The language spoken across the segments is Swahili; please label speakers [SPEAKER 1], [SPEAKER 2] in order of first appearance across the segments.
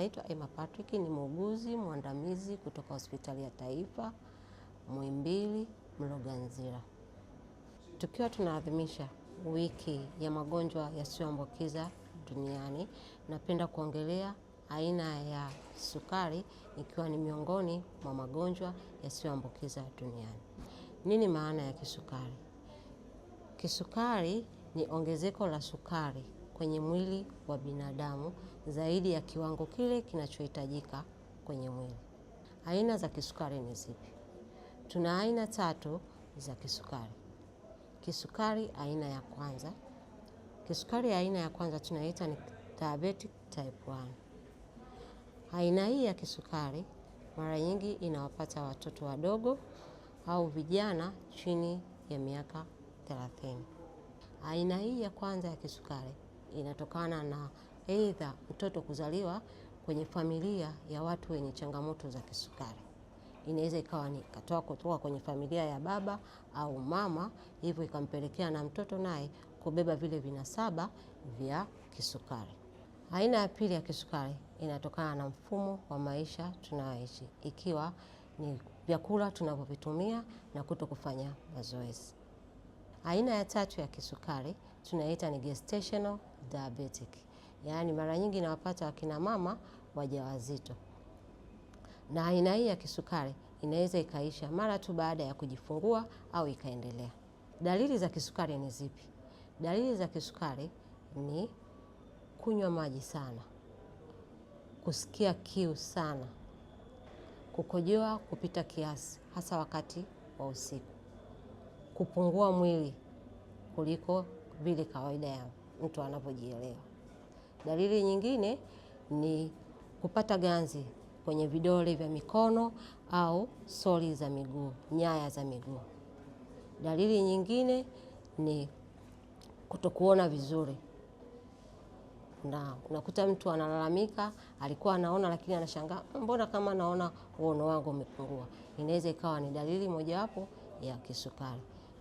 [SPEAKER 1] Naitwa Emma Patrick, ni muuguzi mwandamizi kutoka hospitali ya taifa Muhimbili Mloganzila. Tukiwa tunaadhimisha wiki ya magonjwa yasiyoambukiza duniani, napenda kuongelea aina ya sukari ikiwa ni miongoni mwa magonjwa yasiyoambukiza duniani. Nini maana ya kisukari? Kisukari ni ongezeko la sukari kwenye mwili wa binadamu zaidi ya kiwango kile kinachohitajika kwenye mwili. Aina za kisukari ni zipi? Tuna aina tatu za kisukari. Kisukari aina ya kwanza, kisukari aina ya kwanza tunaita ni diabetic type 1. Aina hii ya kisukari mara nyingi inawapata watoto wadogo au vijana chini ya miaka 30. Aina hii ya kwanza ya kisukari inatokana na aidha mtoto kuzaliwa kwenye familia ya watu wenye changamoto za kisukari. Inaweza ikawa ni katoa kutoka kwenye familia ya baba au mama, hivyo ikampelekea na mtoto naye kubeba vile vinasaba vya kisukari. Aina ya pili ya kisukari inatokana na mfumo wa maisha tunayoishi, ikiwa ni vyakula tunavyovitumia na kuto kufanya mazoezi. Aina ya tatu ya kisukari tunaita ni gestational diabetic, yaani mara nyingi nawapata wakina mama wajawazito, na aina hii ya kisukari inaweza ikaisha mara tu baada ya kujifungua au ikaendelea. Dalili za kisukari ni zipi? Dalili za kisukari ni kunywa maji sana, kusikia kiu sana, kukojoa kupita kiasi, hasa wakati wa usiku, kupungua mwili kuliko vile kawaida ya mtu anapojielewa. Dalili nyingine ni kupata ganzi kwenye vidole vya mikono au soli za miguu, nyaya za miguu. Dalili nyingine ni kutokuona vizuri, na unakuta mtu analalamika, alikuwa anaona lakini anashangaa, mbona kama naona uono wangu umepungua. Inaweza ikawa ni dalili mojawapo ya kisukari.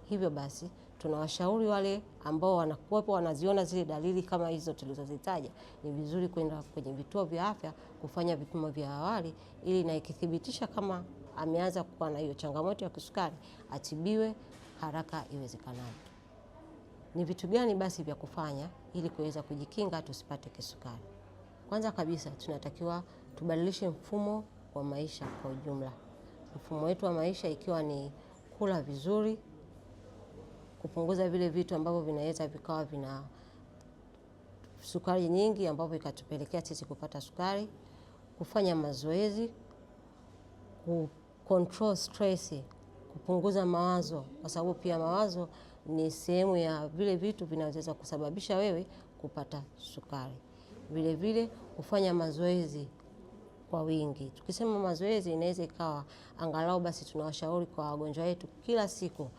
[SPEAKER 1] Hivyo basi tunawashauri wale ambao wanakuwepo wanaziona zile dalili kama hizo tulizozitaja, ni vizuri kwenda kwenye vituo vya afya kufanya vipimo vya awali, ili na ikithibitisha kama ameanza kuwa na hiyo changamoto ya kisukari atibiwe haraka iwezekanavyo. Ni vitu gani basi vya kufanya ili kuweza kujikinga tusipate kisukari? Kwanza kabisa tunatakiwa tubadilishe mfumo wa maisha kwa ujumla, mfumo wetu wa maisha ikiwa ni kula vizuri kupunguza vile vitu ambavyo vinaweza vikawa vina sukari nyingi ambavyo ikatupelekea sisi kupata sukari, kufanya mazoezi, ku control stress, kupunguza mawazo, kwa sababu pia mawazo ni sehemu ya vile vitu vinaweza kusababisha wewe kupata sukari. Vile vile kufanya mazoezi kwa wingi. Tukisema mazoezi, inaweza ikawa angalau basi tunawashauri kwa wagonjwa wetu kila siku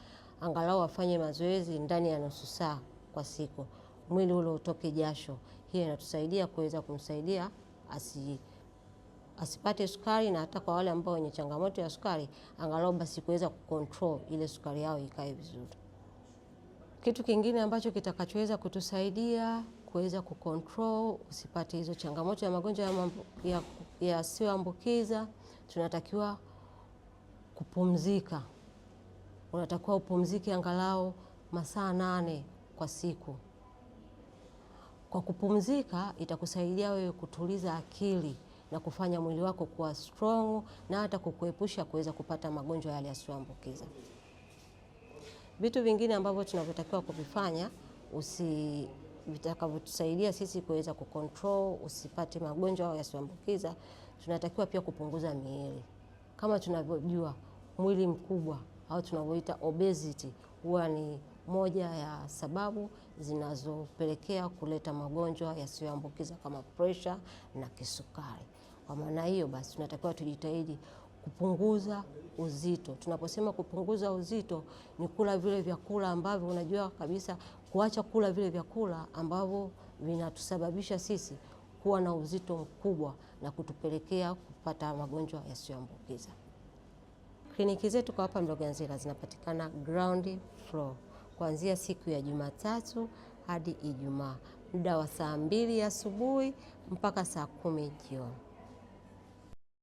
[SPEAKER 1] angalau afanye mazoezi ndani ya nusu saa kwa siku, mwili ule utoke jasho. Hiyo inatusaidia kuweza kumsaidia asi asipate sukari, na hata kwa wale ambao wenye changamoto ya sukari, angalau basi kuweza kucontrol ile sukari yao ikae vizuri. Kitu kingine ambacho kitakachoweza kutusaidia kuweza kucontrol usipate hizo changamoto ya magonjwa yasiyoambukiza, tunatakiwa kupumzika unatakiwa upumzike angalau masaa nane kwa siku. Kwa kupumzika itakusaidia wewe kutuliza akili na kufanya mwili wako kuwa strong na hata kukuepusha kuweza kupata magonjwa yale yasiyoambukiza. Vitu vingine ambavyo tunavyotakiwa kuvifanya usi vitakavyotusaidia sisi kuweza kucontrol usipate magonjwa au yasiyoambukiza, tunatakiwa pia kupunguza miili. Kama tunavyojua mwili mkubwa au tunavyoita obesity huwa ni moja ya sababu zinazopelekea kuleta magonjwa yasiyoambukiza kama presha na kisukari. Kwa maana hiyo basi, tunatakiwa tujitahidi kupunguza uzito. Tunaposema kupunguza uzito, ni kula vile vyakula ambavyo unajua kabisa, kuacha kula vile vyakula ambavyo vinatusababisha sisi kuwa na uzito mkubwa na kutupelekea kupata magonjwa yasiyoambukiza. Kliniki zetu kwa hapa Mloganzila zinapatikana ground floor kuanzia siku ya Jumatatu hadi Ijumaa muda wa saa mbili asubuhi mpaka saa kumi jioni.